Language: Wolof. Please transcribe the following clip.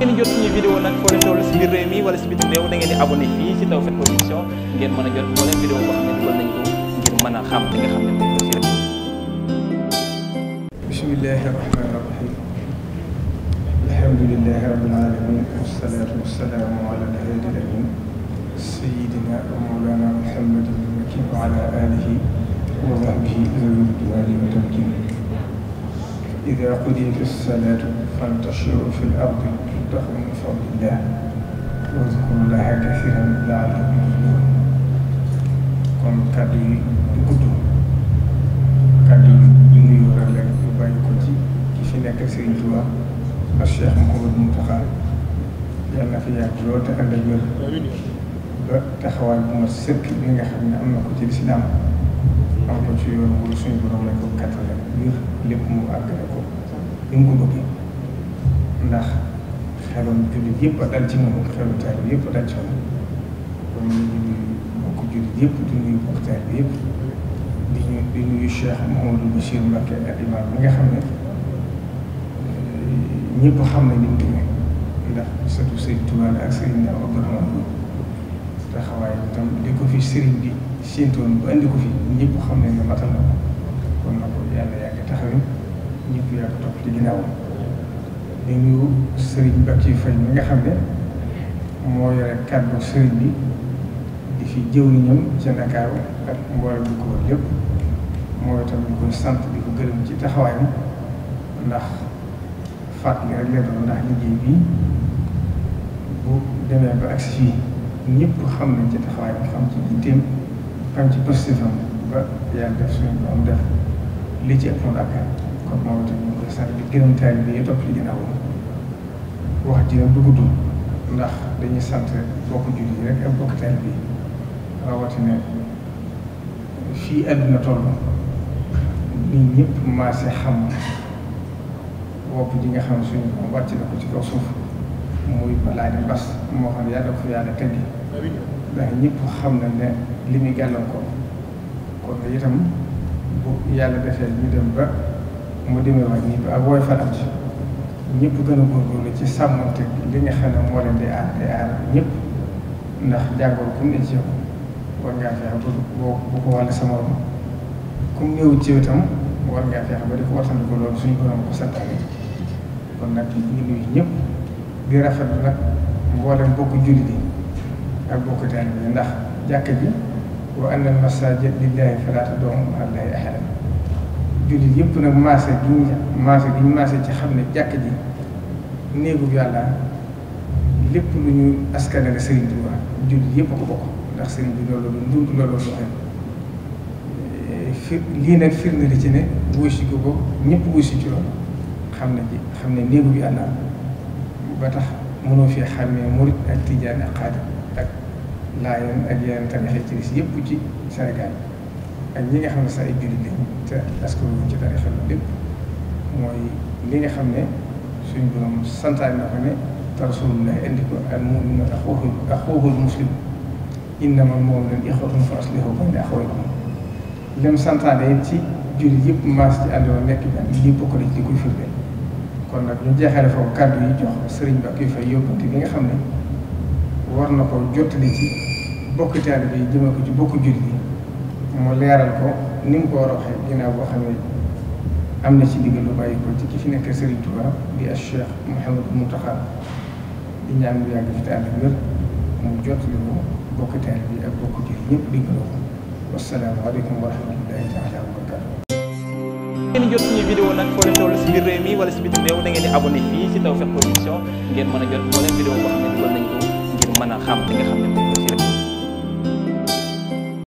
ngeen jot suñu vidéo nag foo leen toll si biir réew mi wala si biir réew da ngeen di abonné fii si Tawfekh Production ngeen mën a jot moo leen vidéo boo xam ne dugal nañ ko ngir mën a xam li nga xam ne moom la rek. bismillahi rahmaani rahim alhamdulillahi rabbil alamin wassalatu wassalamu ala al-haadil amiin sayyidina wa mawlana muhammadin al-makiin wa ala alihi wa sahbihi zawil ridwaani wa tamkiin. idaa qudiyati s-salaatu fantashiru fi l-ardi واتقوا من فضل الله واذكروا الله كثيرا لعلكم تفلحون kon kàddu yi du gudd kàddu yi ñu ngi rek ñu bàyyi ko ci ki fi nekk Serigne Touba ak Cheikh Mouhamadou Mountakha yàlla na fi yàgg lool te ànd ak wér ba taxawaay bu ma sëkk li nga xam ne na ko ci lislaam am ko ci yoon wala suñu borom lañ ko kattan ak biir ni mu ko bëggee ndax. xelam jullit yëpp dal ci moom xelu taal yëpp dal ci moom kon ñu ngi bokk jullit yëpp taal bi yëpp di ñu di nuyu Cheikh Mouhamadou Bachir Mbacké al imam mi nga xam ne eh, ñëpp xam nañ ni mu demee ndax sëtu Sëriñ Tuubaa ak Sëriñ Ndaw Abdourahmane taxawaay itam di sëriñ bi séentoon bu andi ko fi ne matal topp ci ginnaawam di sëriñ Serigne Bakhsi Faye mi nga xam ne moo yore kàddu Serigne bi di fi jëwriñam ci Ndakaaru ak mboolem bi ko wër lépp mooy itam ñu koy sant di ko gërëm ci taxawaayam ndax fàttali nga la doon ndax liggéey bi bu demee ba agsi fii ñëpp xam nañ ci taxawaayam xam ci jitteem xam ci positifam ba yàlla def suñu am def li ci ëpp Ndakaaru kon moom itam ñu sant di gërëm taalibe bi yëpp topp ci ginnaaw wax ji nag ndax dañuy sant bokk jullit yi rek ak bokk taalibe bi rawatina fii àdduna toll nii ñëpp maase xam wopp ji nga xam ne suñu moom wàcc na ko ci kaw suuf muy balaa di bas moo xam ne yàlla ko yàlla teggi ndax ñëpp xam na li muy gàllankoor kon itam bu yàlla defee ñu dem ba. mu demewaat nii ba ak woy faral ñëpp gën a góorgóorlu ci sàmmante li nga xam ne moo leen di aar di aar ñëpp ndax jàngoro ku ne ci yow war ngaa fexe ba boo bu ko wàll sa morom ku néew ci itam war ngaa fexe ba di ko loolu suñu borom ko santaane kon nag ñu nuyu ñëpp di rafetlu nag mboolem bokk jullit yi ak bokk taalibe ndax jàkk ji wa anna al masaajida lillaahi falaa tad'uu ma'a llaahi jullit yëpp nag maase gi ñu maase gi ñu ci xam ne jàkk ji néegu yàlla lépp lu ñu askanale sëriñ bi waa jullit yëpp ko bokk ndax sëriñ bi loolu lu ndund loolu lu fir lii nag firnde la ci ne wóosi ko ko ñëpp wóosi ci loolu xam ne xam ne néegu yàlla ba tax mënoo fee xàmmee murit ak tijaan ak xaadim ak laayeen ak yeneen tamit xeet ci yëpp ci Sénégal ak ñi nga xam ne sax ay jullit lañ te askan wi ci dara xel lépp mooy li nga xam ne suñ borom santaane na ko ne te rasulullah indi ko al mu'minu axuhu axuhul muslim innamal mu'minuna ixwatun fa aslihu bayna axawaykum lim santaane ci jullit yëpp maas ci àndoo nekk bi lii bokk na ci li koy firnde kon nag ñu jeexale foofu kàddu yi jox sëriñ ba kuy fay yóbbante bi nga xam ne war na ko jottali ci bokk taalibe bi jëme ko ci bokk jullit yi moo leeral ko ni mu ko war a waxee boo xam ne am na ci ndigal lu bàyyi ko ci ki fi nekk Serigne Touba di ak Cheikh Mouhamadou Mountakha di ñaan lu yàgg fi te ànd ak mu jot li mu bokk taal bi ak bokk jël ñëpp diggaloo ko wasalaamaaleykum wa rahmatullahi taala wa barakatuh ngeen jot suñu vidéo nag foo leen toll si biir réew mi si bitim réew da ngeen di abonné ngeen mën a jot moo leen vidéo boo ngir mën a xam nga xam